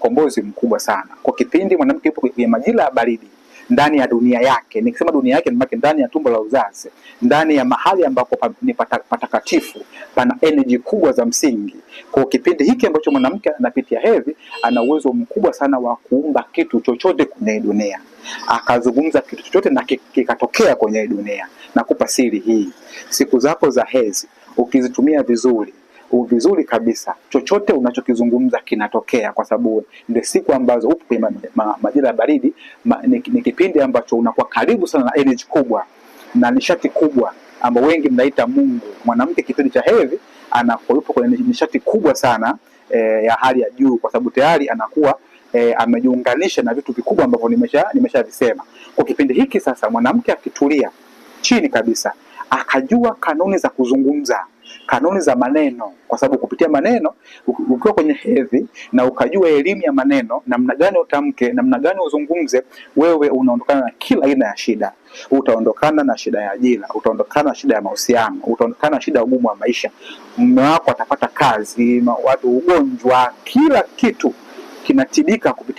mkombozi mkubwa sana. Kwa kipindi mwanamke yupo kwenye majira ya baridi, ndani ya dunia yake, nikisema dunia yake nimake ndani ya tumbo la uzazi, ndani ya mahali ambapo pa, ni patakatifu pana energy kubwa za msingi. Kwa kipindi hiki ambacho mwanamke anapitia hedhi, ana uwezo mkubwa sana wa kuumba kitu chochote kwenye dunia, akazungumza kitu chochote na kikatokea kwenye dunia. Nakupa siri hii, siku zako za hedhi ukizitumia vizuri vizuri kabisa, chochote unachokizungumza kinatokea, kwa sababu ndio siku ambazo upo kwenye majira ya baridi ma, ni, ni kipindi ambacho unakuwa karibu sana na energy kubwa na nishati kubwa ambao wengi mnaita Mungu. Mwanamke kipindi cha hedhi anakuwa yupo kwenye nishati kubwa sana e, ya hali ya juu, kwa sababu tayari anakuwa e, amejiunganisha na vitu vikubwa ambavyo nimesha nimeshavisema. Kwa kipindi hiki sasa, mwanamke akitulia chini kabisa akajua kanuni za kuzungumza kanuni za maneno, kwa sababu kupitia maneno, ukiwa kwenye hedhi na ukajua elimu ya maneno, namna gani utamke, namna gani uzungumze, wewe unaondokana na kila aina ya shida. Utaondokana na shida ya ajira, utaondokana na shida ya mahusiano, utaondokana na shida ya ugumu wa maisha. Mume wako atapata kazi, watu ugonjwa, kila kitu kinatibika kupitia